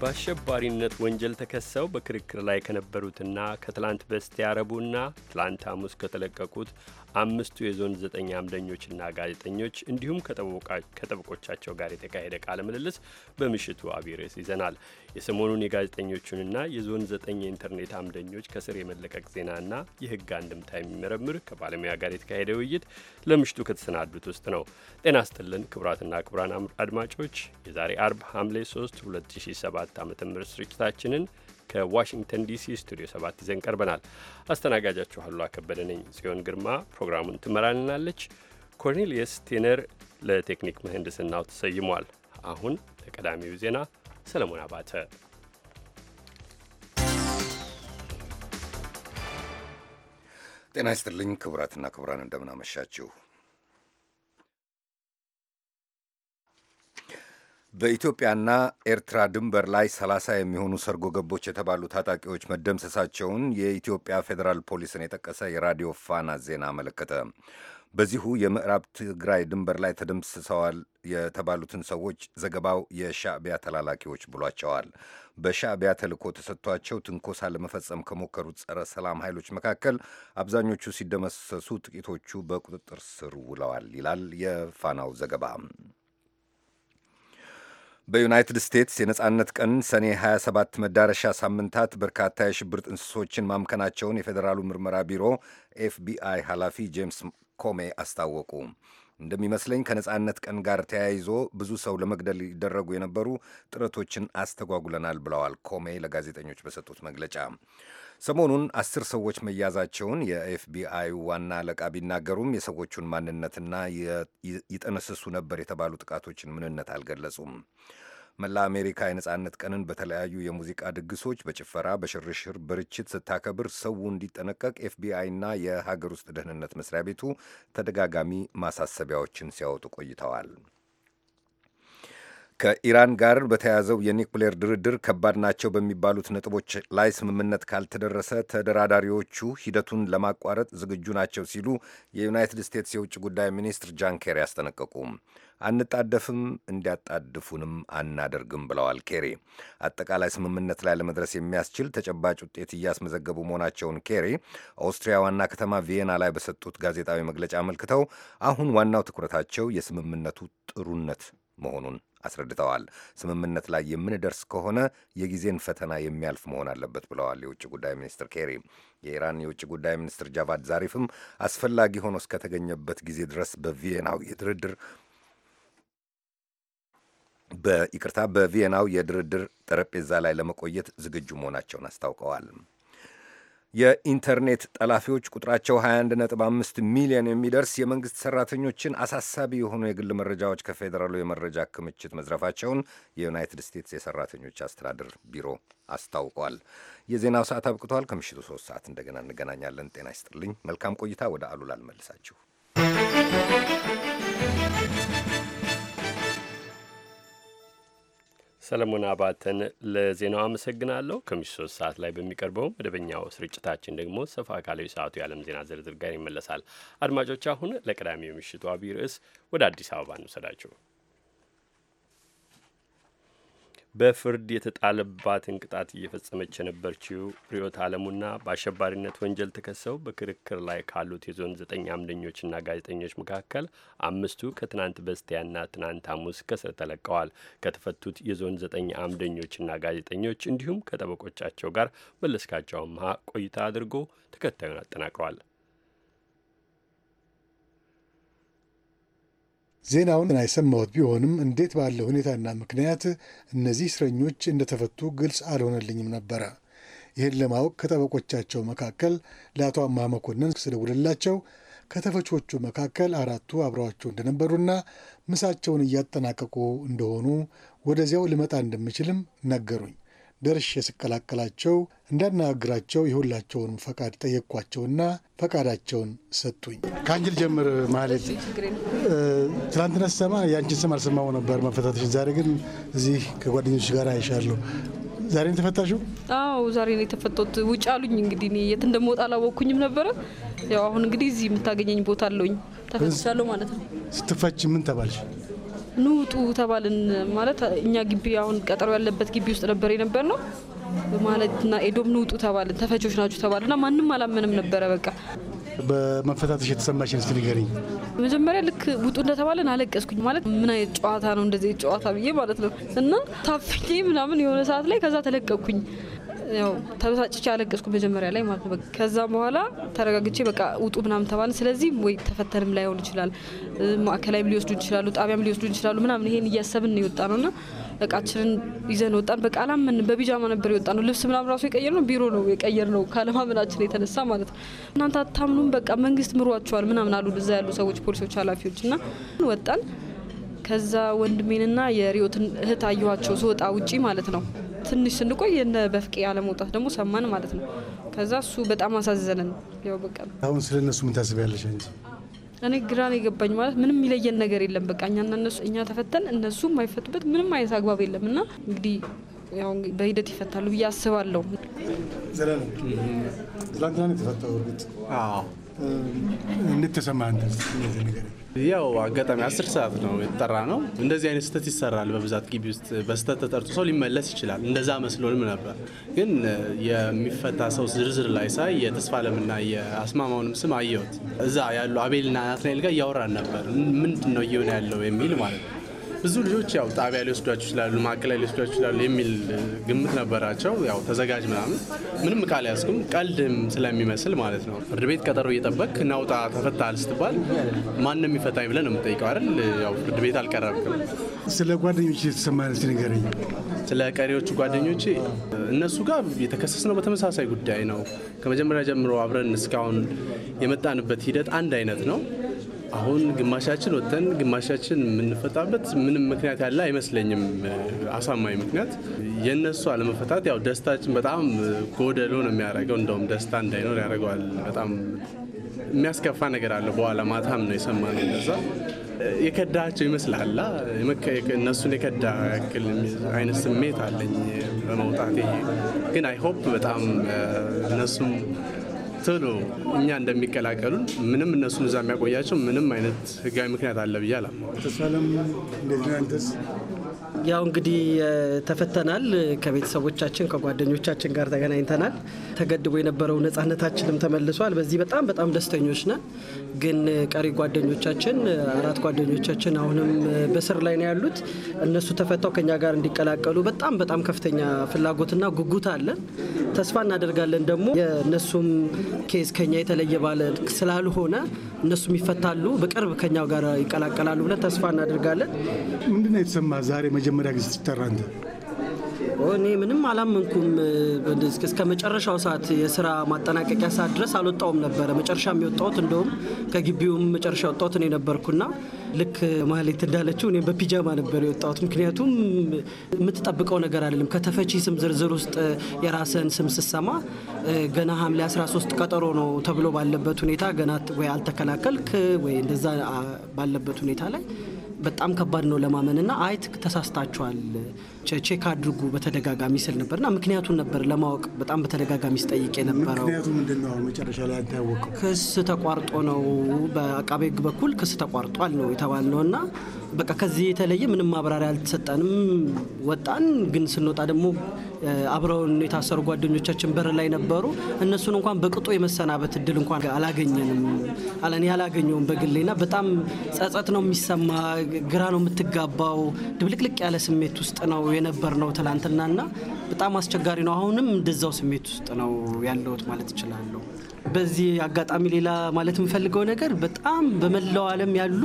በአሸባሪነት ወንጀል ተከሰው በክርክር ላይ ከነበሩትና ከትላንት በስቲያ ረቡዕና ትላንት ሐሙስ ከተለቀቁት አምስቱ የዞን ዘጠኝ አምደኞችና ጋዜጠኞች እንዲሁም ከጠበቆቻቸው ጋር የተካሄደ ቃለ ምልልስ በምሽቱ አብይ ርዕስ ይዘናል። የሰሞኑን የጋዜጠኞቹንና የዞን ዘጠኝ የኢንተርኔት አምደኞች ከስር የመለቀቅ ዜናና የህግ አንድምታ የሚመረምር ከባለሙያ ጋር የተካሄደ ውይይት ለምሽቱ ከተሰናዱት ውስጥ ነው። ጤና ስጥልን ክቡራትና ክቡራን አድማጮች የዛሬ አርብ ሐምሌ 3 2007 ዓ ም ስርጭታችንን ከዋሽንግተን ዲሲ ስቱዲዮ ሰባት ይዘን ቀርበናል። አስተናጋጃችሁ አሉላ ከበደ ነኝ። ጽዮን ግርማ ፕሮግራሙን ትመራልናለች። ኮርኔሊየስ ቴነር ለቴክኒክ ምህንድስናው ተሰይሟል። አሁን ለቀዳሚው ዜና ሰለሞን አባተ ጤና ይስጥልኝ ክቡራትና ክቡራን እንደምናመሻችሁ በኢትዮጵያና ኤርትራ ድንበር ላይ ሰላሳ የሚሆኑ ሰርጎ ገቦች የተባሉ ታጣቂዎች መደምሰሳቸውን የኢትዮጵያ ፌዴራል ፖሊስን የጠቀሰ የራዲዮ ፋና ዜና አመለከተ። በዚሁ የምዕራብ ትግራይ ድንበር ላይ ተደምስሰዋል የተባሉትን ሰዎች ዘገባው የሻዕቢያ ተላላኪዎች ብሏቸዋል። በሻዕቢያ ተልእኮ ተሰጥቷቸው ትንኮሳ ለመፈጸም ከሞከሩት ጸረ ሰላም ኃይሎች መካከል አብዛኞቹ ሲደመሰሱ፣ ጥቂቶቹ በቁጥጥር ስር ውለዋል ይላል የፋናው ዘገባ። በዩናይትድ ስቴትስ የነጻነት ቀን ሰኔ 27 መዳረሻ ሳምንታት በርካታ የሽብር ጥንስሶችን ማምከናቸውን የፌዴራሉ ምርመራ ቢሮ ኤፍቢአይ ኃላፊ ጄምስ ኮሜ አስታወቁ። እንደሚመስለኝ ከነጻነት ቀን ጋር ተያይዞ ብዙ ሰው ለመግደል ሊደረጉ የነበሩ ጥረቶችን አስተጓጉለናል ብለዋል ኮሜ ለጋዜጠኞች በሰጡት መግለጫ። ሰሞኑን አስር ሰዎች መያዛቸውን የኤፍቢአይ ዋና አለቃ ቢናገሩም የሰዎቹን ማንነትና ይጠነስሱ ነበር የተባሉ ጥቃቶችን ምንነት አልገለጹም። መላ አሜሪካ የነጻነት ቀንን በተለያዩ የሙዚቃ ድግሶች፣ በጭፈራ፣ በሽርሽር፣ በርችት ስታከብር ሰው እንዲጠነቀቅ ኤፍቢአይና የሀገር ውስጥ ደህንነት መስሪያ ቤቱ ተደጋጋሚ ማሳሰቢያዎችን ሲያወጡ ቆይተዋል። ከኢራን ጋር በተያዘው የኒውክሌር ድርድር ከባድ ናቸው በሚባሉት ነጥቦች ላይ ስምምነት ካልተደረሰ ተደራዳሪዎቹ ሂደቱን ለማቋረጥ ዝግጁ ናቸው ሲሉ የዩናይትድ ስቴትስ የውጭ ጉዳይ ሚኒስትር ጃን ኬሪ አስጠነቀቁ። አንጣደፍም እንዲያጣድፉንም አናደርግም ብለዋል ኬሪ። አጠቃላይ ስምምነት ላይ ለመድረስ የሚያስችል ተጨባጭ ውጤት እያስመዘገቡ መሆናቸውን ኬሪ ኦስትሪያ ዋና ከተማ ቪየና ላይ በሰጡት ጋዜጣዊ መግለጫ አመልክተው አሁን ዋናው ትኩረታቸው የስምምነቱ ጥሩነት መሆኑን አስረድተዋል። ስምምነት ላይ የምንደርስ ከሆነ የጊዜን ፈተና የሚያልፍ መሆን አለበት ብለዋል የውጭ ጉዳይ ሚኒስትር ኬሪ። የኢራን የውጭ ጉዳይ ሚኒስትር ጃቫድ ዛሪፍም አስፈላጊ ሆኖ እስከተገኘበት ጊዜ ድረስ በቪየናው የድርድር በይቅርታ በቪየናው የድርድር ጠረጴዛ ላይ ለመቆየት ዝግጁ መሆናቸውን አስታውቀዋል። የኢንተርኔት ጠላፊዎች ቁጥራቸው 21.5 ሚሊዮን የሚደርስ የመንግሥት ሠራተኞችን አሳሳቢ የሆኑ የግል መረጃዎች ከፌዴራሉ የመረጃ ክምችት መዝረፋቸውን የዩናይትድ ስቴትስ የሠራተኞች አስተዳደር ቢሮ አስታውቋል። የዜናው ሰዓት አብቅቷል። ከምሽቱ ሶስት ሰዓት እንደገና እንገናኛለን። ጤና ይስጥልኝ። መልካም ቆይታ። ወደ አሉላ ልመልሳችሁ። ሰለሞን አባተን ለዜናው አመሰግናለሁ። ከምሽቱ ሶስት ሰዓት ላይ በሚቀርበው መደበኛው ስርጭታችን ደግሞ ሰፋ ካለው የሰዓቱ የዓለም ዜና ዝርዝር ጋር ይመለሳል። አድማጮች፣ አሁን ለቀዳሚው የምሽቱ አብይ ርዕስ ወደ አዲስ አበባ እንውሰዳችሁ። በፍርድ የተጣለባትን ቅጣት እየፈጸመች የነበረችው ርዕዮት ዓለሙና በአሸባሪነት ወንጀል ተከሰው በክርክር ላይ ካሉት የዞን ዘጠኝ አምደኞችና ጋዜጠኞች መካከል አምስቱ ከትናንት በስቲያና ትናንት ሐሙስ ከስር ተለቀዋል። ከተፈቱት የዞን ዘጠኝ አምደኞችና ጋዜጠኞች እንዲሁም ከጠበቆቻቸው ጋር መለስካቸው አምሃ ቆይታ አድርጎ ተከታዩን አጠናቅሯል። ዜናውን የሰማሁት ቢሆንም እንዴት ባለ ሁኔታና ምክንያት እነዚህ እስረኞች እንደተፈቱ ግልጽ አልሆነልኝም ነበረ። ይህን ለማወቅ ከጠበቆቻቸው መካከል ለአቶ አማ መኮንን ስደውልላቸው ከተፈቾቹ መካከል አራቱ አብረዋቸው እንደነበሩና ምሳቸውን እያጠናቀቁ እንደሆኑ ወደዚያው ልመጣ እንደምችልም ነገሩኝ። ደርሼ ስቀላቀላቸው እንዳናግራቸው የሁላቸውን ፈቃድ ጠየቅኳቸውና ፈቃዳቸውን ሰጡኝ። ከአንቺ ልጀምር ማለት ትናንትና ስሰማ የአንቺን ስም አልሰማው ነበር መፈታተሽን። ዛሬ ግን እዚህ ከጓደኞች ጋር አይሻለሁ። ዛሬ ነው የተፈታሽው? አዎ ዛሬ ነው የተፈታሁት። ውጭ አሉኝ። እንግዲህ እኔ የት እንደምወጣ አላወቅኩኝም ነበረ። ያው አሁን እንግዲህ እዚህ የምታገኘኝ ቦታ አለውኝ። ተፈትሻለሁ ማለት ነው። ስትፈች ምን ተባልሽ? ንውጡ ተባልን። ማለት እኛ ግቢ አሁን ቀጠሮ ያለበት ግቢ ውስጥ ነበር የነበር ነው ና ኤዶም ንውጡ ተባልን። ተፈቾች ናችሁ ተባልና ማንም አላመንም ነበረ በቃ በመፈታተሽ የተሰማሽን እስኪ ንገሪኝ። መጀመሪያ ልክ ውጡ እንደተባለን አለቀስኩኝ። ማለት ምን አይነት ጨዋታ ነው እንደዚህ ጨዋታ ብዬ ማለት ነው እና ታፍዬ ምናምን የሆነ ሰዓት ላይ ከዛ ተለቀቅኩኝ። ያው ተበሳጭቼ አለቀስኩ መጀመሪያ ላይ ማለት ነው። ከዛ በኋላ ተረጋግቼ በቃ ውጡ ምናምን ተባለ። ስለዚህ ወይ ተፈተንም ላይሆን ይችላል፣ ማዕከላዊም ሊወስዱን ይችላሉ፣ ጣቢያም ሊወስዱን ይችላሉ ምናምን ይሄን እያሰብን ነው የወጣ ነው እና እቃችንን ይዘን ወጣን። በቃ አላምን በቢጃማ ነበር የወጣ ነው። ልብስ ምናምን ራሱ የቀየር ነው ቢሮ ነው የቀየር ነው ካለማመናችን የተነሳ ማለት ነው። እናንተ አታምኑም፣ በቃ መንግስት ምሯቸዋል ምናምን አሉ እዛ ያሉ ሰዎች፣ ፖሊሶች፣ ኃላፊዎች እና ወጣን። ከዛ ወንድሜንና የሪዮትን እህት አየኋቸው ስወጣ ውጪ ማለት ነው ትንሽ ስንቆይ የነ በፍቄ አለመውጣት ደግሞ ሰማን ማለት ነው። ከዛ እሱ በጣም አሳዘነን። ያው በቃ አሁን ስለ እነሱ ምን ታስቢያለሽ? እኔ ግራን የገባኝ ማለት ምንም የሚለየን ነገር የለም። በቃ እኛና እነሱ እኛ ተፈተን እነሱ የማይፈቱበት ምንም አይነት አግባብ የለም እና እንግዲህ ያው በሂደት ይፈታሉ ብዬ አስባለሁ። ትላንትና ነው የተፈታው። እርግጥ እንዴት ተሰማህ ነገር ያው አጋጣሚ አስር ሰዓት ነው የተጠራ ነው። እንደዚህ አይነት ስህተት ይሰራል በብዛት ግቢ ውስጥ በስህተት ተጠርቶ ሰው ሊመለስ ይችላል። እንደዛ መስሎንም ነበር፣ ግን የሚፈታ ሰው ዝርዝር ላይ ሳይ የተስፋለምና የአስማማውንም ስም አየሁት። እዛ ያሉ አቤልና ናትናኤል ጋር እያወራን ነበር ምንድን ነው እየሆነ ያለው የሚል ማለት ነው ብዙ ልጆች ያው ጣቢያ ሊወስዷቸው ይችላሉ፣ ማዕከላዊ ሊወስዷቸው ይችላሉ የሚል ግምት ነበራቸው። ያው ተዘጋጅ ምናምን ምንም ቃል ያስኩም ቀልድም ስለሚመስል ማለት ነው። ፍርድ ቤት ቀጠሮ እየጠበቅ ናውጣ ተፈታል ስትባል ማንም የሚፈታኝ ብለን ነው የምጠይቀው አይደል? ያው ፍርድ ቤት አልቀረብክም። ስለ ጓደኞች የተሰማ ንገረኝ። ስለ ቀሪዎቹ ጓደኞች እነሱ ጋር የተከሰስነው በተመሳሳይ ጉዳይ ነው። ከመጀመሪያ ጀምሮ አብረን እስካሁን የመጣንበት ሂደት አንድ አይነት ነው። አሁን ግማሻችን ወጥተን ግማሻችን የምንፈታበት ምንም ምክንያት ያለ አይመስለኝም። አሳማኝ ምክንያት የእነሱ አለመፈታት ያው ደስታችን በጣም ጎደሎ ነው የሚያደርገው። እንደውም ደስታ እንዳይኖር ያደርገዋል። በጣም የሚያስከፋ ነገር አለ። በኋላ ማታም ነው የሰማነው እንደዛ የከዳቸው ይመስላላ እነሱን የከዳ ያክል አይነት ስሜት አለኝ በመውጣት ግን አይሆፕ በጣም እነሱም ቶሎ እኛ እንደሚቀላቀሉን ምንም እነሱን እዛ የሚያቆያቸው ምንም አይነት ህጋዊ ምክንያት አለ ብዬ አላም ያው እንግዲህ ተፈተናል። ከቤተሰቦቻችን ከጓደኞቻችን ጋር ተገናኝተናል። ተገድቦ የነበረው ነጻነታችንም ተመልሷል። በዚህ በጣም በጣም ደስተኞች ነን። ግን ቀሪ ጓደኞቻችን አራት ጓደኞቻችን አሁንም በስር ላይ ነው ያሉት። እነሱ ተፈታው ከኛ ጋር እንዲቀላቀሉ በጣም በጣም ከፍተኛ ፍላጎትና ጉጉት አለን። ተስፋ እናደርጋለን ደግሞ የእነሱም ኬዝ ከኛ የተለየ ባለ ስላልሆነ እነሱም ይፈታሉ፣ በቅርብ ከኛው ጋር ይቀላቀላሉ ብለን ተስፋ እናደርጋለን። ምንድነው የተሰማ ዛሬ ለመጀመሪያ ጊዜ ሲጠራ እንደ እኔ ምንም አላመንኩም። እስከ መጨረሻው ሰዓት የስራ ማጠናቀቂያ ሰዓት ድረስ አልወጣውም ነበረ። መጨረሻ የወጣሁት እንደውም ከግቢውም መጨረሻ የወጣሁት እኔ ነበርኩና ልክ ማህሌት እንዳለችው እኔ በፒጃማ ነበር የወጣሁት። ምክንያቱም የምትጠብቀው ነገር አይደለም። ከተፈቺ ስም ዝርዝር ውስጥ የራስን ስም ስሰማ ገና ሐምሌ 13 ቀጠሮ ነው ተብሎ ባለበት ሁኔታ ገና ወይ አልተከላከልክ ወይ እንደዛ ባለበት ሁኔታ ላይ በጣም ከባድ ነው ለማመን እና አይት ተሳስታችኋል፣ ቼክ አድርጉ በተደጋጋሚ ስል ነበር እና ምክንያቱን ነበር ለማወቅ በጣም በተደጋጋሚ ስጠይቅ የነበረው። መጨረሻ ላይ ክስ ተቋርጦ ነው በአቃቤ ሕግ በኩል ክስ ተቋርጧል ነው የተባል ነው እና በቃ ከዚህ የተለየ ምንም ማብራሪያ አልተሰጠንም። ወጣን። ግን ስንወጣ ደግሞ አብረውን የታሰሩ ጓደኞቻችን በር ላይ ነበሩ። እነሱን እንኳን በቅጡ የመሰናበት እድል እንኳን አላገኘንም። አለን አላገኘውም በግሌና በጣም ጸጸት ነው የሚሰማ። ግራ ነው የምትጋባው። ድብልቅልቅ ያለ ስሜት ውስጥ ነው የነበር ነው ትላንትናና በጣም አስቸጋሪ ነው። አሁንም እንደዛው ስሜት ውስጥ ነው ያለሁት ማለት እችላለሁ። በዚህ አጋጣሚ ሌላ ማለት የምፈልገው ነገር በጣም በመላው ዓለም ያሉ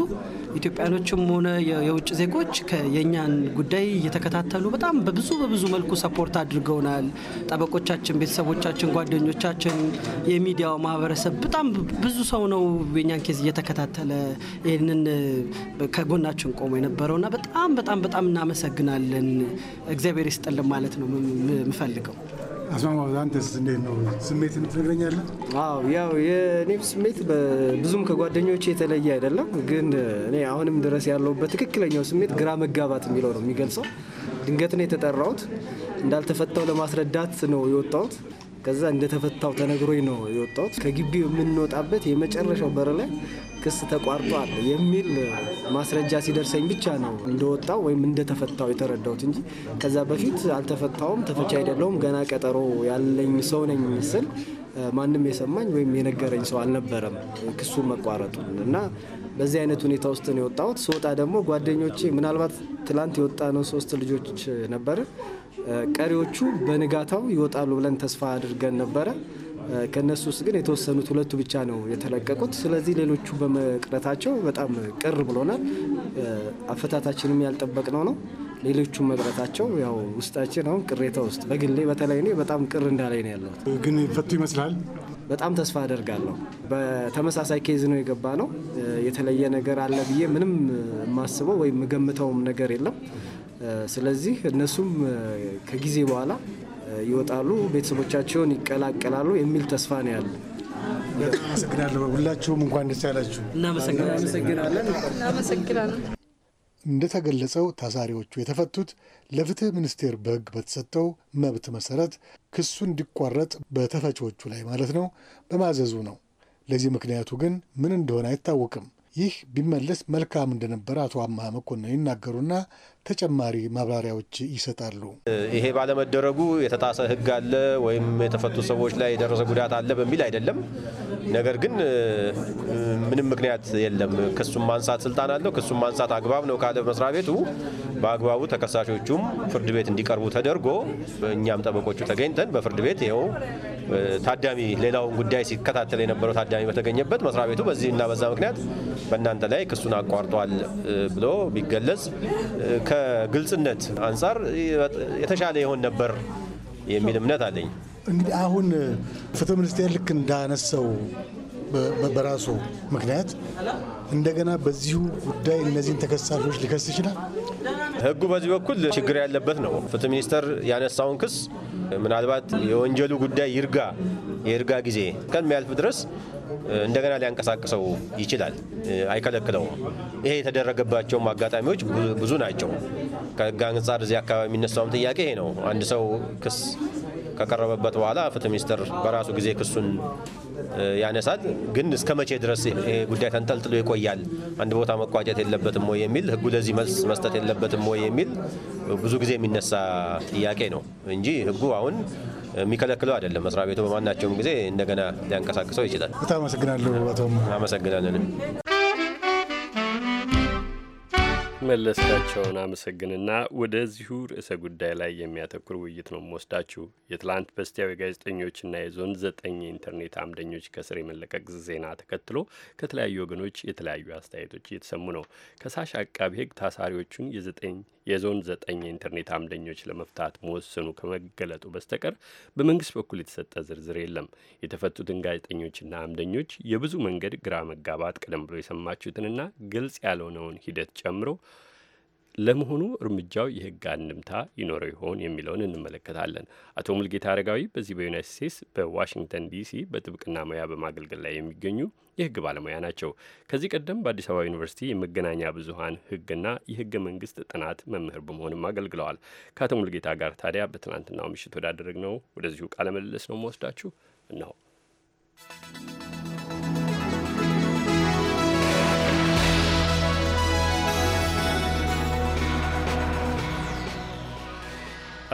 ኢትዮጵያኖችም ሆነ የውጭ ዜጎች የእኛን ጉዳይ እየተከታተሉ በጣም በብዙ በብዙ መልኩ ሰፖርት አድርገውናል። ጠበቆቻችን፣ ቤተሰቦቻችን፣ ጓደኞቻችን፣ የሚዲያው ማህበረሰብ በጣም ብዙ ሰው ነው የእኛን ኬዝ እየተከታተለ ይህንን ከጎናችን ቆሞ የነበረውና በጣም በጣም በጣም እናመሰግናለን። እግዚአብሔር ይስጥልን ማለት ነው የምፈልገው። አስማማ አንተስ እንዴት ነው ስሜትን ትነግረኛለህ? አዎ ያው የእኔም ስሜት ብዙም ከጓደኞች የተለየ አይደለም። ግን እኔ አሁንም ድረስ ያለው በትክክለኛው ስሜት ግራ መጋባት የሚለው ነው የሚገልጸው። ድንገት ነው የተጠራሁት። እንዳልተፈታው ለማስረዳት ነው የወጣሁት። ከዛ እንደተፈታው ተነግሮኝ ነው የወጣሁት። ከግቢው የምንወጣበት የመጨረሻው በር ላይ ክስ ተቋርጧል የሚል ማስረጃ ሲደርሰኝ ብቻ ነው እንደወጣው ወይም እንደተፈታው የተረዳሁት እንጂ ከዛ በፊት አልተፈታውም፣ ተፈቻ አይደለውም፣ ገና ቀጠሮ ያለኝ ሰው ነኝ ስል ማንም የሰማኝ ወይም የነገረኝ ሰው አልነበረም ክሱ መቋረጡ እና በዚህ አይነት ሁኔታ ውስጥ ነው የወጣሁት። ስወጣ ደግሞ ጓደኞቼ ምናልባት ትላንት የወጣ ነው ሶስት ልጆች ነበረ። ቀሪዎቹ በንጋታው ይወጣሉ ብለን ተስፋ አድርገን ነበረ። ከእነሱ ውስጥ ግን የተወሰኑት ሁለቱ ብቻ ነው የተለቀቁት። ስለዚህ ሌሎቹ በመቅረታቸው በጣም ቅር ብሎናል። አፈታታችንም ያልጠበቅ ነው። ሌሎቹ መቅረታቸው ያው ውስጣችን አሁን ቅሬታ ውስጥ በግሌ በተለይ እኔ በጣም ቅር እንዳላይ ነው ያለሁት። ግን ፈቱ ይመስላል። በጣም ተስፋ አደርጋለሁ። በተመሳሳይ ኬዝ ነው የገባ ነው። የተለየ ነገር አለ ብዬ ምንም የማስበው ወይም የምገምተውም ነገር የለም። ስለዚህ እነሱም ከጊዜ በኋላ ይወጣሉ፣ ቤተሰቦቻቸውን ይቀላቀላሉ የሚል ተስፋ ነው ያለ። አመሰግናለሁ። ሁላችሁም እንኳን ደስ ያላችሁ። እንደተገለጸው ታሳሪዎቹ የተፈቱት ለፍትህ ሚኒስቴር በሕግ በተሰጠው መብት መሰረት ክሱ እንዲቋረጥ በተፈቺዎቹ ላይ ማለት ነው በማዘዙ ነው። ለዚህ ምክንያቱ ግን ምን እንደሆነ አይታወቅም። ይህ ቢመለስ መልካም እንደነበረ አቶ አማ መኮንን ይናገሩና ተጨማሪ ማብራሪያዎች ይሰጣሉ። ይሄ ባለመደረጉ የተጣሰ ሕግ አለ ወይም የተፈቱ ሰዎች ላይ የደረሰ ጉዳት አለ በሚል አይደለም። ነገር ግን ምንም ምክንያት የለም። ክሱም ማንሳት ስልጣን አለው። ክሱም ማንሳት አግባብ ነው ካለ መስሪያ ቤቱ በአግባቡ ተከሳሾቹም ፍርድ ቤት እንዲቀርቡ ተደርጎ እኛም ጠበቆቹ ተገኝተን በፍርድ ቤት ይኸው ታዳሚ ሌላውን ጉዳይ ሲከታተል የነበረው ታዳሚ በተገኘበት መስሪያ ቤቱ በዚህና በዛ ምክንያት በእናንተ ላይ ክሱን አቋርጧል ብሎ ቢገለጽ ከግልጽነት አንጻር የተሻለ ይሆን ነበር የሚል እምነት አለኝ። እንግዲህ አሁን ፍትህ ሚኒስቴር ልክ እንዳነሳው በራሱ ምክንያት እንደገና በዚሁ ጉዳይ እነዚህን ተከሳሾች ሊከስ ይችላል። ህጉ በዚህ በኩል ችግር ያለበት ነው። ፍትህ ሚኒስቴር ያነሳውን ክስ ምናልባት የወንጀሉ ጉዳይ ይርጋ የይርጋ ጊዜ እስከሚያልፍ ድረስ እንደገና ሊያንቀሳቅሰው ይችላል፣ አይከለክለውም። ይሄ የተደረገባቸውም አጋጣሚዎች ብዙ ናቸው። ከህግ አንጻር እዚህ አካባቢ የሚነሳውም ጥያቄ ይሄ ነው። አንድ ሰው ክስ ከቀረበበት በኋላ ፍትህ ሚኒስቴር በራሱ ጊዜ ክሱን ያነሳል። ግን እስከ መቼ ድረስ ይሄ ጉዳይ ተንጠልጥሎ ይቆያል? አንድ ቦታ መቋጨት የለበትም ወይ የሚል ህጉ ለዚህ መልስ መስጠት የለበትም ወይ የሚል ብዙ ጊዜ የሚነሳ ጥያቄ ነው እንጂ ህጉ አሁን የሚከለክለው አይደለም። መስሪያ ቤቱ በማናቸውም ጊዜ እንደገና ሊያንቀሳቅሰው ይችላል። በጣም አመሰግናለሁ። አቶ አመሰግናለንም። መለስታቸውን አመሰግንና ወደዚሁ ርዕሰ ጉዳይ ላይ የሚያተኩር ውይይት ነው የምወስዳችሁ። የትላንት በስቲያው የጋዜጠኞችና የዞን ዘጠኝ የኢንተርኔት አምደኞች ከስር የመለቀቅ ዜና ተከትሎ ከተለያዩ ወገኖች የተለያዩ አስተያየቶች እየተሰሙ ነው። ከሳሽ አቃቢ ሕግ ታሳሪዎቹን የዘጠኝ የዞን ዘጠኝ የኢንተርኔት አምደኞች ለመፍታት መወሰኑ ከመገለጡ በስተቀር በመንግስት በኩል የተሰጠ ዝርዝር የለም። የተፈቱትን ጋዜጠኞችና አምደኞች የብዙ መንገድ ግራ መጋባት ቀደም ብሎ የሰማችሁትንና ግልጽ ያልሆነውን ሂደት ጨምሮ ለመሆኑ እርምጃው የህግ አንድምታ ይኖረው ይሆን የሚለውን እንመለከታለን። አቶ ሙልጌታ አረጋዊ በዚህ በዩናይት ስቴትስ በዋሽንግተን ዲሲ በጥብቅና ሙያ በማገልገል ላይ የሚገኙ የህግ ባለሙያ ናቸው። ከዚህ ቀደም በአዲስ አበባ ዩኒቨርሲቲ የመገናኛ ብዙሀን ህግና የህገ መንግስት ጥናት መምህር በመሆንም አገልግለዋል። ከአቶ ሙልጌታ ጋር ታዲያ በትናንትናው ምሽት ነው ወደዚሁ ቃለ ምልልስ ነው መወስዳችሁ ነው።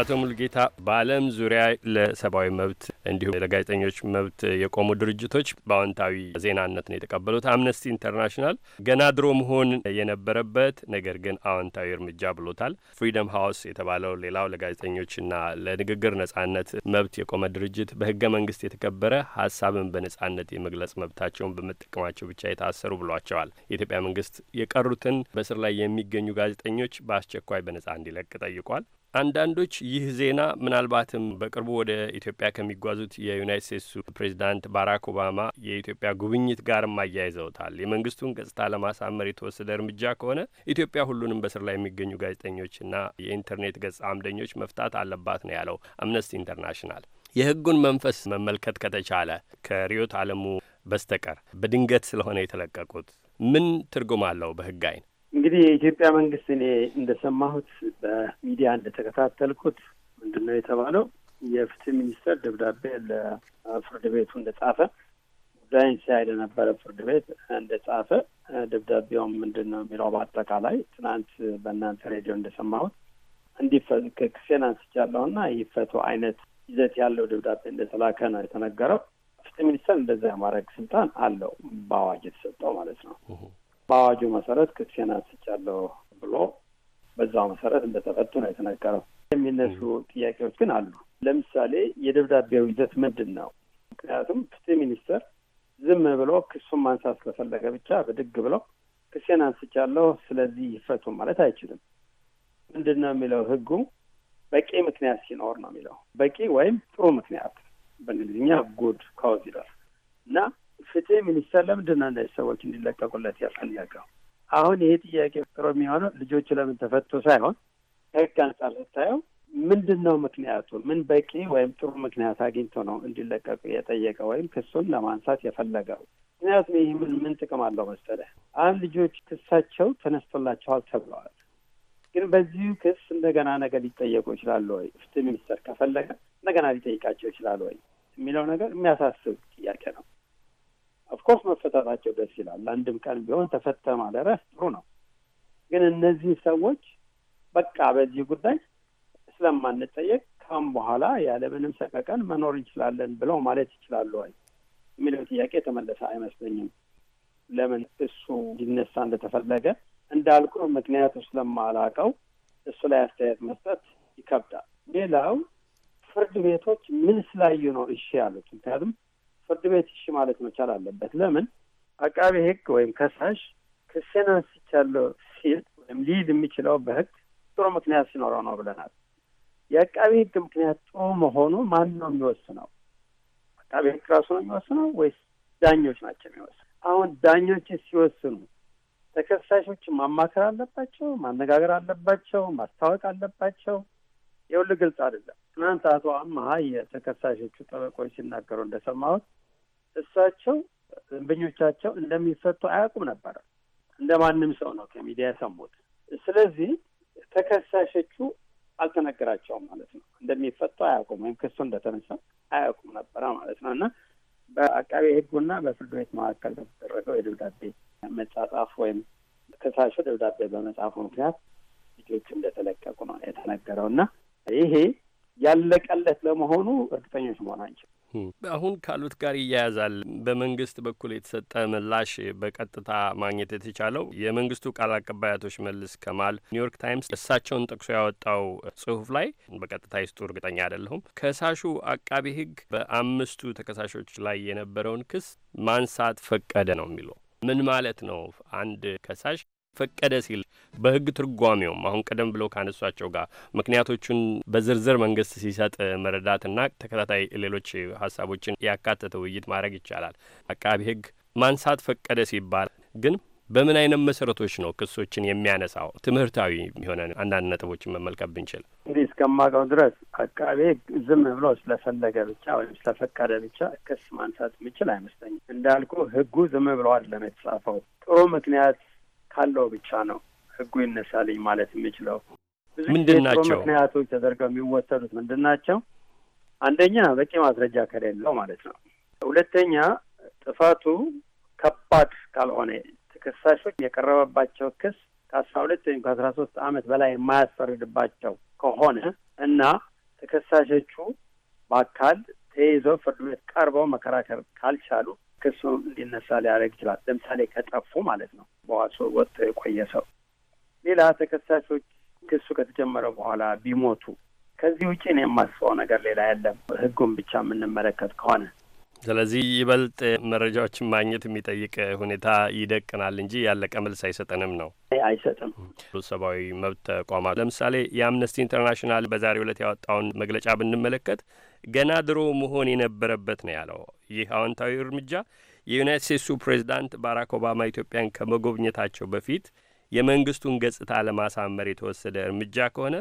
አቶ ሙልጌታ በዓለም ዙሪያ ለሰብአዊ መብት እንዲሁም ለጋዜጠኞች መብት የቆሙ ድርጅቶች በአዎንታዊ ዜናነት ነው የተቀበሉት። አምነስቲ ኢንተርናሽናል ገና ድሮ መሆን የነበረበት ነገር ግን አዎንታዊ እርምጃ ብሎታል። ፍሪደም ሃውስ የተባለው ሌላው ለጋዜጠኞችና ለንግግር ነጻነት መብት የቆመ ድርጅት በህገ መንግስት የተከበረ ሀሳብን በነጻነት የመግለጽ መብታቸውን በመጠቀማቸው ብቻ የታሰሩ ብሏቸዋል። የኢትዮጵያ መንግስት የቀሩትን በስር ላይ የሚገኙ ጋዜጠኞች በአስቸኳይ በነጻ እንዲለቅ ጠይቋል። አንዳንዶች ይህ ዜና ምናልባትም በቅርቡ ወደ ኢትዮጵያ ከሚጓዙት የዩናይት ስቴትሱ ፕሬዚዳንት ባራክ ኦባማ የኢትዮጵያ ጉብኝት ጋርም አያይዘውታል። የመንግስቱን ገጽታ ለማሳመር የተወሰደ እርምጃ ከሆነ ኢትዮጵያ ሁሉንም በስር ላይ የሚገኙ ጋዜጠኞችና የኢንተርኔት ገጽ አምደኞች መፍታት አለባት ነው ያለው አምነስቲ ኢንተርናሽናል። የህጉን መንፈስ መመልከት ከተቻለ ከሪዮት አለሙ በስተቀር በድንገት ስለሆነ የተለቀቁት ምን ትርጉም አለው በህግ አይን? እንግዲህ የኢትዮጵያ መንግስት እኔ እንደሰማሁት በሚዲያ እንደተከታተልኩት ምንድን ነው የተባለው የፍትህ ሚኒስቴር ደብዳቤ ለፍርድ ቤቱ እንደጻፈ ጉዳይን ሲያይ ለነበረ ፍርድ ቤት እንደጻፈ ደብዳቤውም ምንድን ነው የሚለው በአጠቃላይ ትናንት በእናንተ ሬዲዮ እንደሰማሁት እንዲፈ- ክሴን ና ይፈቱ አይነት ይዘት ያለው ደብዳቤ እንደተላከ ነው የተነገረው። ፍትህ ሚኒስተር እንደዚያ ማድረግ ስልጣን አለው በአዋጅ የተሰጠው ማለት ነው። በአዋጁ መሰረት ክሴን አንስቻለሁ ብሎ በዛው መሰረት እንደተፈቱ ነው የተነገረው። የሚነሱ ጥያቄዎች ግን አሉ። ለምሳሌ የደብዳቤው ይዘት ምንድን ነው? ምክንያቱም ፍትህ ሚኒስቴር ዝም ብሎ ክሱን ማንሳት ስለፈለገ ብቻ ብድግ ብለው ክሴን አንስቻለሁ ስለዚህ ይፈቱ ማለት አይችልም። ምንድን ነው የሚለው ህጉ በቂ ምክንያት ሲኖር ነው የሚለው። በቂ ወይም ጥሩ ምክንያት በእንግሊዝኛ ጉድ ካውዝ ይላል እና ፍትህ ሚኒስተር ለምንድን ነው እነዚህ ሰዎች እንዲለቀቁለት ያፈለገው? አሁን ይሄ ጥያቄ ፍጥሮ የሚሆነው ልጆቹ ለምን ተፈቶ ሳይሆን ከህግ አንጻር ስታየው ምንድን ነው ምክንያቱ? ምን በቂ ወይም ጥሩ ምክንያት አግኝቶ ነው እንዲለቀቁ የጠየቀ ወይም ክሱን ለማንሳት የፈለገው? ምክንያቱም ይህ ምን ምን ጥቅም አለው መሰለህ? አሁን ልጆች ክሳቸው ተነስቶላቸዋል ተብለዋል። ግን በዚሁ ክስ እንደገና ነገር ሊጠየቁ ይችላሉ ወይ? ፍትህ ሚኒስተር ከፈለገ እንደገና ሊጠይቃቸው ይችላሉ ወይ የሚለው ነገር የሚያሳስብ ጥያቄ ነው። ኦፍኮርስ መፈታታቸው ደስ ይላል። ለአንድም ቀን ቢሆን ተፈተ ደረስ ጥሩ ነው። ግን እነዚህ ሰዎች በቃ በዚህ ጉዳይ ስለማንጠየቅ ካም በኋላ ያለምንም ሰቀቀን መኖር እንችላለን ብለው ማለት ይችላሉ ወይ የሚለው ጥያቄ የተመለሰ አይመስለኝም። ለምን እሱ እንዲነሳ እንደተፈለገ እንዳልኩ ምክንያቱ ስለማላውቀው እሱ ላይ አስተያየት መስጠት ይከብዳል። ሌላው ፍርድ ቤቶች ምን ስላዩ ነው እሺ ያሉት? ምክንያቱም ፍርድ ቤት እሺ ማለት መቻል አለበት። ለምን አቃቤ ሕግ ወይም ከሳሽ ክስን አንስቻለሁ ሲል ወይም ሊድ የሚችለው በሕግ ጥሩ ምክንያት ሲኖረው ነው ብለናል። የአቃቤ ሕግ ምክንያት ጥሩ መሆኑ ማን ነው የሚወስነው? አቃቤ ሕግ ራሱ ነው የሚወስነው ወይስ ዳኞች ናቸው የሚወስኑ? አሁን ዳኞች ሲወስኑ ተከሳሾች ማማከር አለባቸው፣ ማነጋገር አለባቸው፣ ማስታወቅ አለባቸው። የሁሉ ግልጽ አይደለም። ትናንት አቶ አመሀ የተከሳሾቹ ጠበቆች ሲናገሩ እንደሰማሁት እሳቸው ደንበኞቻቸው እንደሚፈቱ አያውቁም ነበረ። እንደ ማንም ሰው ነው ከሚዲያ የሰሙት። ስለዚህ ተከሳሾቹ አልተነገራቸውም ማለት ነው። እንደሚፈቱ አያውቁም ወይም ክሱ እንደተነሳ አያውቁም ነበረ ማለት ነው እና በአቃቤ ሕጉና በፍርድ ቤት መካከል በተደረገው የደብዳቤ መጻጻፍ ወይም ከሳሹ ደብዳቤ በመጻፉ ምክንያት ልጆቹ እንደተለቀቁ ነው የተነገረው እና ይሄ ያለቀለት ለመሆኑ እርግጠኞች መሆን አንችል። አሁን ካሉት ጋር ይያያዛል። በመንግስት በኩል የተሰጠ ምላሽ በቀጥታ ማግኘት የተቻለው የመንግስቱ ቃል አቀባይ አቶ ሽመልስ ከማል ኒውዮርክ ታይምስ እሳቸውን ጠቅሶ ያወጣው ጽሁፍ ላይ በቀጥታ ይስጡ እርግጠኛ አይደለሁም፣ ከሳሹ አቃቢ ህግ በአምስቱ ተከሳሾች ላይ የነበረውን ክስ ማንሳት ፈቀደ ነው የሚለው ምን ማለት ነው? አንድ ከሳሽ ፈቀደ ሲል በህግ ትርጓሜውም አሁን ቀደም ብሎ ካነሷቸው ጋር ምክንያቶቹን በዝርዝር መንግስት ሲሰጥ መረዳትና ተከታታይ ሌሎች ሀሳቦችን ያካተተ ውይይት ማድረግ ይቻላል። አቃቢ ህግ ማንሳት ፈቀደ ሲባል ግን በምን አይነት መሰረቶች ነው ክሶችን የሚያነሳው? ትምህርታዊ የሆነ አንዳንድ ነጥቦችን መመልከት ብንችል። እንግዲህ እስከማውቀው ድረስ አቃቤ ዝም ብሎ ስለፈለገ ብቻ ወይም ስለፈቀደ ብቻ ክስ ማንሳት የሚችል አይመስለኝም። እንዳልኩ ህጉ ዝም ብሎ አይደለም የተጻፈው። ጥሩ ምክንያት ካለው ብቻ ነው ህጉ ይነሳልኝ ማለት የምችለው። ብዙ ምክንያቶች ተደርገው የሚወሰዱት ምንድን ናቸው? አንደኛ በቂ ማስረጃ ከሌለው ማለት ነው። ሁለተኛ ጥፋቱ ከባድ ካልሆነ ተከሳሾች የቀረበባቸው ክስ ከአስራ ሁለት ወይም ከአስራ ሶስት አመት በላይ የማያስፈርድባቸው ከሆነ እና ተከሳሾቹ በአካል ተይዘው ፍርድ ቤት ቀርበው መከራከር ካልቻሉ ክሱ እንዲነሳ ሊያደርግ ይችላል። ለምሳሌ ከጠፉ ማለት ነው፣ በዋሶ ወጥቶ የቆየ ሰው። ሌላ ተከሳሾች ክሱ ከተጀመረ በኋላ ቢሞቱ። ከዚህ ውጭ ነው የማስበው ነገር ሌላ የለም፣ ህጉን ብቻ የምንመለከት ከሆነ ስለዚህ ይበልጥ መረጃዎችን ማግኘት የሚጠይቅ ሁኔታ ይደቅናል እንጂ ያለቀ መልስ አይሰጠንም ነው አይሰጥም። ሰብአዊ መብት ተቋማት ለምሳሌ የአምነስቲ ኢንተርናሽናል በዛሬው ዕለት ያወጣውን መግለጫ ብንመለከት ገና ድሮ መሆን የነበረበት ነው ያለው። ይህ አዎንታዊ እርምጃ የዩናይት ስቴትሱ ፕሬዚዳንት ባራክ ኦባማ ኢትዮጵያን ከመጎብኘታቸው በፊት የመንግስቱን ገጽታ ለማሳመር የተወሰደ እርምጃ ከሆነ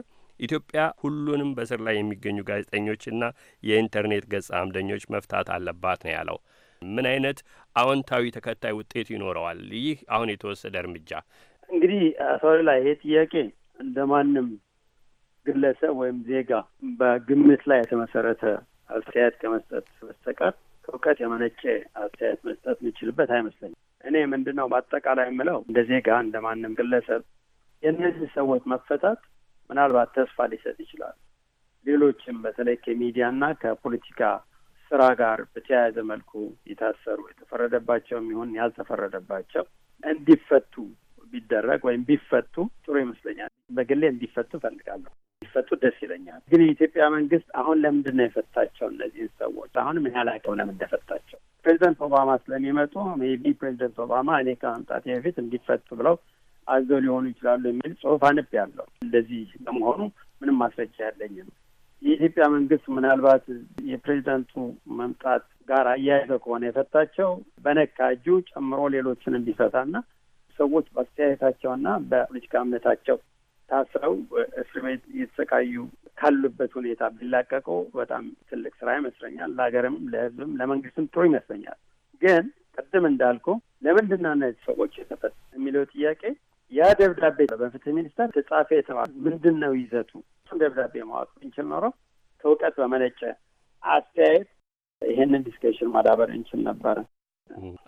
ኢትዮጵያ ሁሉንም በስር ላይ የሚገኙ ጋዜጠኞችና የኢንተርኔት ገጽ አምደኞች መፍታት አለባት ነው ያለው። ምን አይነት አዎንታዊ ተከታይ ውጤት ይኖረዋል ይህ አሁን የተወሰደ እርምጃ? እንግዲህ ሰው ላይ ይሄ ጥያቄ እንደ ማንም ግለሰብ ወይም ዜጋ በግምት ላይ የተመሰረተ አስተያየት ከመስጠት በስተቀር እውቀት የመነጨ አስተያየት መስጠት የምችልበት አይመስለኝም። እኔ ምንድን ነው በአጠቃላይ የምለው እንደ ዜጋ እንደ ማንም ግለሰብ የእነዚህ ሰዎች መፈታት ምናልባት ተስፋ ሊሰጥ ይችላል። ሌሎችም በተለይ ከሚዲያና ከፖለቲካ ስራ ጋር በተያያዘ መልኩ የታሰሩ የተፈረደባቸውም ይሁን ያልተፈረደባቸው እንዲፈቱ ቢደረግ ወይም ቢፈቱ ጥሩ ይመስለኛል። በግሌ እንዲፈቱ እፈልጋለሁ። ቢፈቱ ደስ ይለኛል። ግን የኢትዮጵያ መንግስት አሁን ለምንድን ነው የፈታቸው እነዚህን ሰዎች? አሁን ምን አላውቅም ለምን እንደፈታቸው። ፕሬዚደንት ኦባማ ስለሚመጡ ሜቢ ፕሬዚደንት ኦባማ እኔ ከመምጣት በፊት እንዲፈቱ ብለው አዘው ሊሆኑ ይችላሉ የሚል ጽሁፍ አንብ ያለው እንደዚህ ለመሆኑ ምንም ማስረጃ ያለኝም። የኢትዮጵያ መንግስት ምናልባት የፕሬዚደንቱ መምጣት ጋር አያይዘው ከሆነ የፈታቸው በነካ እጁ ጨምሮ ሌሎችን እንዲፈታና ሰዎች በአስተያየታቸውና በፖለቲካ እምነታቸው ታስረው እስር ቤት እየተሰቃዩ ካሉበት ሁኔታ ቢላቀቁ በጣም ትልቅ ስራ ይመስለኛል። ለሀገርም፣ ለህዝብም፣ ለመንግስትም ጥሩ ይመስለኛል። ግን ቅድም እንዳልኩ ለምንድና ነው እነዚህ ሰዎች የተፈት የሚለው ጥያቄ ያ ደብዳቤ በፍትህ ሚኒስተር ተጻፈ የተባለ ምንድን ነው ይዘቱ? እሱን ደብዳቤ ማወቅ እንችል ኖሮ ከእውቀት በመነጨ አስተያየት ይህንን ዲስከሽን ማዳበር እንችል ነበረ።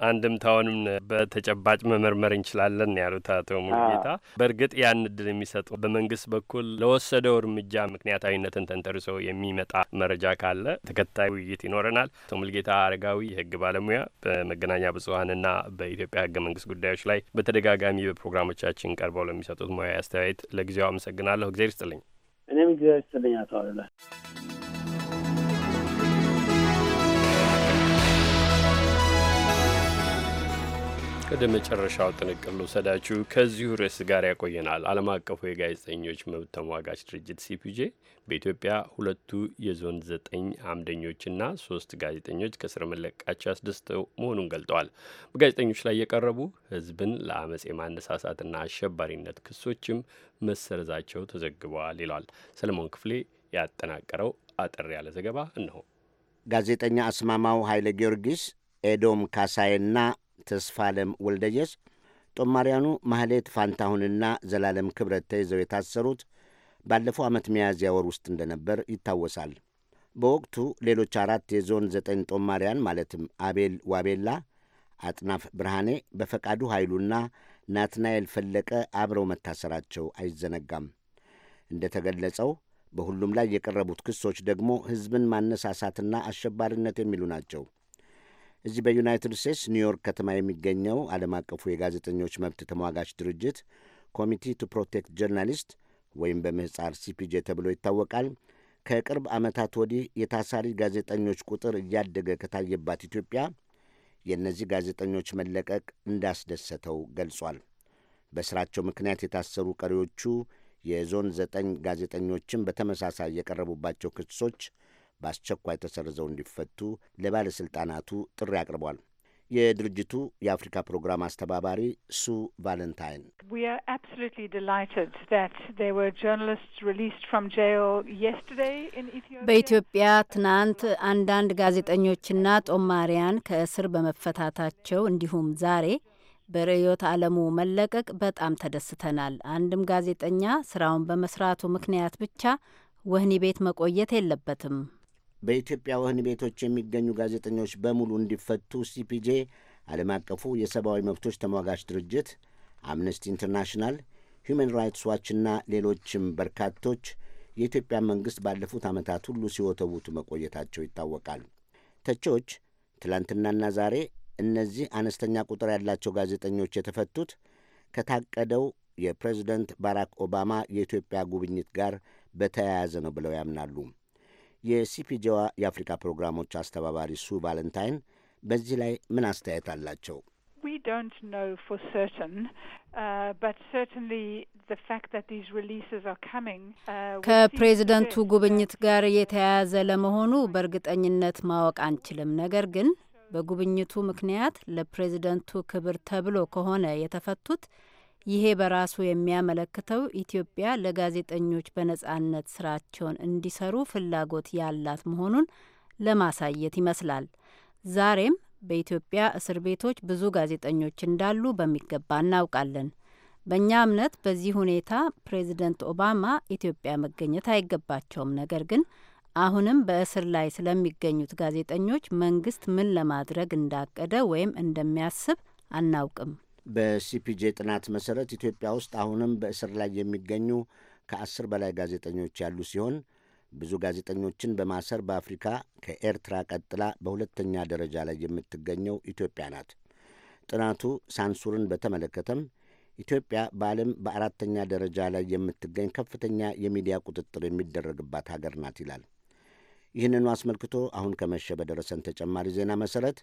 አንድምታውንም በተጨባጭ መመርመር እንችላለን ያሉት አቶ ሙሉጌታ በእርግጥ ያን እድል የሚሰጡ በመንግስት በኩል ለወሰደው እርምጃ ምክንያታዊነትን ተንተርሶ የሚመጣ መረጃ ካለ ተከታይ ውይይት ይኖረናል። አቶ ሙሉጌታ አረጋዊ የህግ ባለሙያ በመገናኛ ብዙኃንና በኢትዮጵያ ህገ መንግስት ጉዳዮች ላይ በተደጋጋሚ በፕሮግራሞቻችን ቀርበው ለሚሰጡት ሙያዊ አስተያየት ለጊዜው አመሰግናለሁ። እግዜር ይስጥልኝ። እኔም እግዜር ይስጥልኝ አቶ አሉላ። ወደ መጨረሻው ጥንቅር ሰዳችሁ ከዚሁ ርዕስ ጋር ያቆየናል። ዓለም አቀፉ የጋዜጠኞች መብት ተሟጋች ድርጅት ሲፒጄ በኢትዮጵያ ሁለቱ የዞን ዘጠኝ አምደኞችና ሶስት ጋዜጠኞች ከስር መለቃቸው አስደስተው መሆኑን ገልጠዋል። በጋዜጠኞች ላይ የቀረቡ ሕዝብን ለአመፅ የማነሳሳትና አሸባሪነት ክሶችም መሰረዛቸው ተዘግበዋል ይሏል። ሰለሞን ክፍሌ ያጠናቀረው አጠር ያለ ዘገባ እነሆ። ጋዜጠኛ አስማማው ኃይለ ጊዮርጊስ ኤዶም ካሳዬና ተስፋለም ወልደየስ፣ ጦማሪያኑ ማህሌት ፋንታሁንና ዘላለም ክብረት ተይዘው የታሰሩት ባለፈው ዓመት ሚያዝያ ወር ውስጥ እንደነበር ይታወሳል። በወቅቱ ሌሎች አራት የዞን ዘጠኝ ጦማሪያን ማለትም አቤል ዋቤላ፣ አጥናፍ ብርሃኔ፣ በፈቃዱ ኃይሉና ናትናኤል ፈለቀ አብረው መታሰራቸው አይዘነጋም። እንደተገለጸው በሁሉም ላይ የቀረቡት ክሶች ደግሞ ሕዝብን ማነሳሳትና አሸባሪነት የሚሉ ናቸው። እዚህ በዩናይትድ ስቴትስ ኒውዮርክ ከተማ የሚገኘው ዓለም አቀፉ የጋዜጠኞች መብት ተሟጋች ድርጅት ኮሚቲ ቱ ፕሮቴክት ጀርናሊስት ወይም በምህፃር ሲፒጄ ተብሎ ይታወቃል። ከቅርብ ዓመታት ወዲህ የታሳሪ ጋዜጠኞች ቁጥር እያደገ ከታየባት ኢትዮጵያ የእነዚህ ጋዜጠኞች መለቀቅ እንዳስደሰተው ገልጿል። በሥራቸው ምክንያት የታሰሩ ቀሪዎቹ የዞን ዘጠኝ ጋዜጠኞችን በተመሳሳይ የቀረቡባቸው ክሶች በአስቸኳይ ተሰርዘው እንዲፈቱ ለባለሥልጣናቱ ጥሪ አቅርቧል። የድርጅቱ የአፍሪካ ፕሮግራም አስተባባሪ ሱ ቫለንታይን በኢትዮጵያ ትናንት አንዳንድ ጋዜጠኞችና ጦማሪያን ከእስር በመፈታታቸው እንዲሁም ዛሬ በርዕዮት ዓለሙ መለቀቅ በጣም ተደስተናል። አንድም ጋዜጠኛ ስራውን በመስራቱ ምክንያት ብቻ ወህኒ ቤት መቆየት የለበትም። በኢትዮጵያ ወህኒ ቤቶች የሚገኙ ጋዜጠኞች በሙሉ እንዲፈቱ ሲፒጄ፣ ዓለም አቀፉ የሰብአዊ መብቶች ተሟጋች ድርጅት፣ አምነስቲ ኢንተርናሽናል፣ ሁማን ራይትስ ዋችና ሌሎችም በርካቶች የኢትዮጵያ መንግሥት ባለፉት ዓመታት ሁሉ ሲወተውቱ መቆየታቸው ይታወቃል። ተቺዎች ትላንትናና ዛሬ እነዚህ አነስተኛ ቁጥር ያላቸው ጋዜጠኞች የተፈቱት ከታቀደው የፕሬዝደንት ባራክ ኦባማ የኢትዮጵያ ጉብኝት ጋር በተያያዘ ነው ብለው ያምናሉ። የሲፒጄዋ የአፍሪካ ፕሮግራሞች አስተባባሪ ሱ ቫለንታይን በዚህ ላይ ምን አስተያየት አላቸው? Uh, uh, ከፕሬዝደንቱ ጉብኝት ጋር የተያያዘ ለመሆኑ በእርግጠኝነት ማወቅ አንችልም። ነገር ግን በጉብኝቱ ምክንያት ለፕሬዝደንቱ ክብር ተብሎ ከሆነ የተፈቱት ይሄ በራሱ የሚያመለክተው ኢትዮጵያ ለጋዜጠኞች በነጻነት ስራቸውን እንዲሰሩ ፍላጎት ያላት መሆኑን ለማሳየት ይመስላል። ዛሬም በኢትዮጵያ እስር ቤቶች ብዙ ጋዜጠኞች እንዳሉ በሚገባ እናውቃለን። በእኛ እምነት በዚህ ሁኔታ ፕሬዝደንት ኦባማ ኢትዮጵያ መገኘት አይገባቸውም። ነገር ግን አሁንም በእስር ላይ ስለሚገኙት ጋዜጠኞች መንግስት ምን ለማድረግ እንዳቀደ ወይም እንደሚያስብ አናውቅም። በሲፒጄ ጥናት መሰረት ኢትዮጵያ ውስጥ አሁንም በእስር ላይ የሚገኙ ከአስር በላይ ጋዜጠኞች ያሉ ሲሆን ብዙ ጋዜጠኞችን በማሰር በአፍሪካ ከኤርትራ ቀጥላ በሁለተኛ ደረጃ ላይ የምትገኘው ኢትዮጵያ ናት። ጥናቱ ሳንሱርን በተመለከተም ኢትዮጵያ በዓለም በአራተኛ ደረጃ ላይ የምትገኝ ከፍተኛ የሚዲያ ቁጥጥር የሚደረግባት ሀገር ናት ይላል። ይህንኑ አስመልክቶ አሁን ከመሸ በደረሰን ተጨማሪ ዜና መሰረት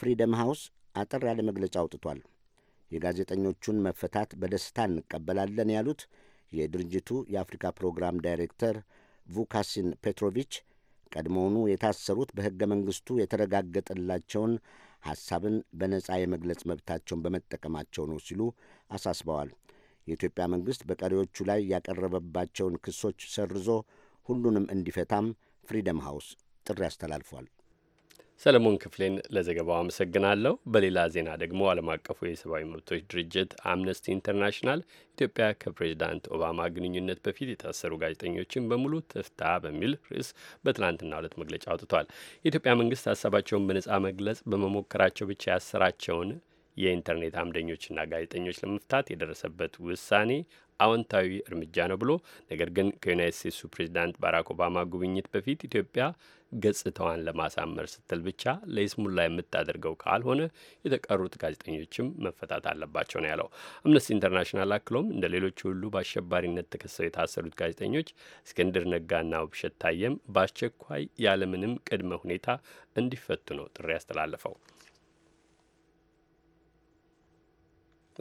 ፍሪደም ሃውስ አጠር ያለ መግለጫ አውጥቷል። የጋዜጠኞቹን መፈታት በደስታ እንቀበላለን ያሉት የድርጅቱ የአፍሪካ ፕሮግራም ዳይሬክተር ቩካሲን ፔትሮቪች ቀድሞውኑ የታሰሩት በሕገ መንግሥቱ የተረጋገጠላቸውን ሐሳብን በነጻ የመግለጽ መብታቸውን በመጠቀማቸው ነው ሲሉ አሳስበዋል። የኢትዮጵያ መንግሥት በቀሪዎቹ ላይ ያቀረበባቸውን ክሶች ሰርዞ ሁሉንም እንዲፈታም ፍሪደም ሃውስ ጥሪ አስተላልፏል። ሰለሞን ክፍሌን ለዘገባው አመሰግናለሁ። በሌላ ዜና ደግሞ ዓለም አቀፉ የሰብአዊ መብቶች ድርጅት አምነስቲ ኢንተርናሽናል ኢትዮጵያ ከፕሬዚዳንት ኦባማ ግንኙነት በፊት የታሰሩ ጋዜጠኞችን በሙሉ ትፍታ በሚል ርዕስ በትናንትናው ዕለት መግለጫ አውጥቷል። የኢትዮጵያ መንግስት ሀሳባቸውን በነጻ መግለጽ በመሞከራቸው ብቻ ያሰራቸውን የኢንተርኔት አምደኞችና ጋዜጠኞች ለመፍታት የደረሰበት ውሳኔ አዎንታዊ እርምጃ ነው ብሎ ነገር ግን ከዩናይት ስቴትሱ ፕሬዚዳንት ባራክ ኦባማ ጉብኝት በፊት ኢትዮጵያ ገጽታዋን ለማሳመር ስትል ብቻ ለይስሙላ የምታደርገው ካልሆነ የተቀሩት ጋዜጠኞችም መፈታት አለባቸው ነው ያለው። አምነስቲ ኢንተርናሽናል አክሎም እንደ ሌሎች ሁሉ በአሸባሪነት ተከሰው የታሰሩት ጋዜጠኞች እስክንድር ነጋና ውብሸት ታየም በአስቸኳይ ያለምንም ቅድመ ሁኔታ እንዲፈቱ ነው ጥሪ ያስተላለፈው።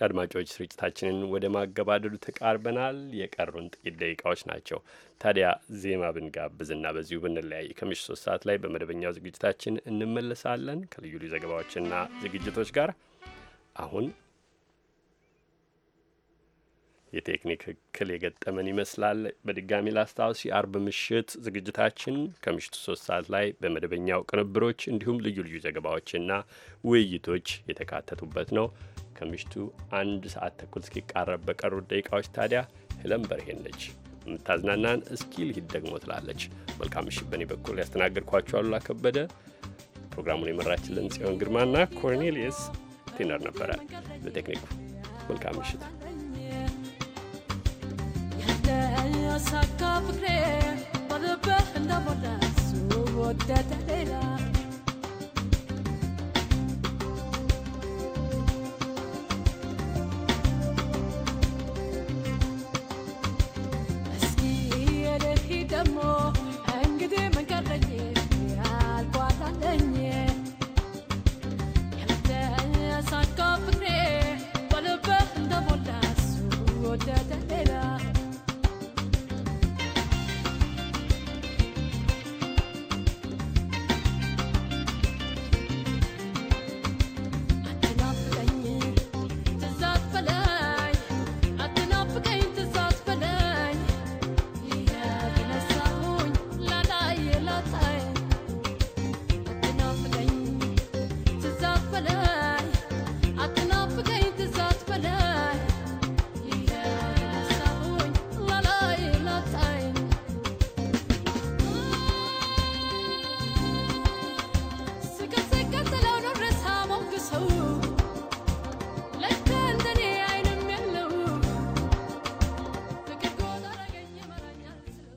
አድማጮች ስርጭታችንን ወደ ማገባደዱ ተቃርበናል። የቀሩን ጥቂት ደቂቃዎች ናቸው። ታዲያ ዜማ ብንጋብዝና በዚሁ ብንለያይ ከምሽቱ ሶስት ሰዓት ላይ በመደበኛው ዝግጅታችን እንመለሳለን ከልዩ ልዩ ዘገባዎችና ዝግጅቶች ጋር። አሁን የቴክኒክ እክል የገጠመን ይመስላል። በድጋሚ ላስታውስ የአርብ ምሽት ዝግጅታችን ከምሽቱ ሶስት ሰዓት ላይ በመደበኛው ቅንብሮች እንዲሁም ልዩ ልዩ ዘገባዎችና ውይይቶች የተካተቱበት ነው። ከምሽቱ አንድ ሰዓት ተኩል እስኪቃረብ በቀሩት ደቂቃዎች ታዲያ ሄለን በርሄን ነች የምታዝናናን። እስኪ ልሂድ ደግሞ ትላለች። መልካም ምሽት። በእኔ በኩል ያስተናገድኳችሁ አሉላ ከበደ፣ ፕሮግራሙን የመራችልን ጽዮን ግርማና ኮርኔሊየስ ቴነር ነበረ በቴክኒኩ። መልካም ምሽት። Sakka ፍቅሬ padabe handa boda, su